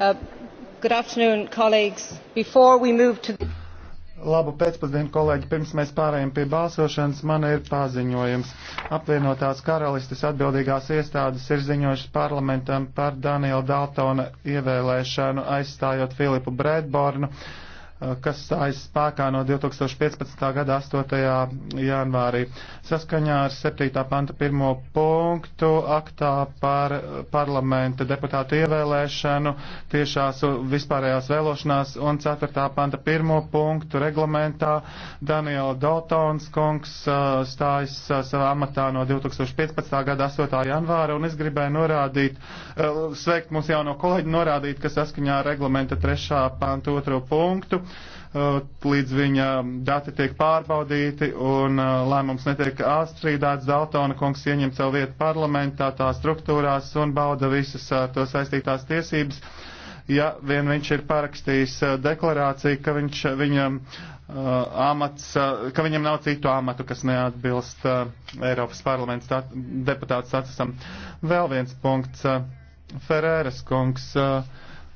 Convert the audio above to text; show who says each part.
Speaker 1: Uh, good afternoon, colleagues. Before we move to...
Speaker 2: Labu pēcpusdienu, kolēģi. Pirms mēs pārējām pie balsošanas, man ir paziņojums. Apvienotās karalistes atbildīgās iestādes ir ziņojušas parlamentam par Daniela Daltona ievēlēšanu, aizstājot Filipu Bredbornu. Eh, kas stājas spēkā no 2015. gada 8. janvārī. Saskaņā ar 7. panta 1. punktu aktā par parlamenta deputātu ievēlēšanu tiešās vispārējās vēlošanās un 4. panta 1. punktu reglamentā Daniela Daltons kungs eh, stājas eh, savā amatā no 2015. gada 8. janvāra un es gribēju norādīt, sveikt mūsu jauno kolēģi norādīt, ka saskaņā ar reglamenta 3. panta 2. punktu Uh, līdz viņa dati tiek pārbaudīti un uh, lēmums netiek apstrīdāts. Daltona kungs ieņem savu vietu parlamentā, tā struktūrās un bauda visas ar uh, to saistītās tiesības. Ja vien viņš ir parakstījis deklarāciju, ka viņš, viņam, uh, amats, uh, ka viņam nav citu amatu, kas neatbilst uh, Eiropas parlamenta stat deputātu statusam. Vēl viens punkts. Uh, Ferēras kungs. Uh,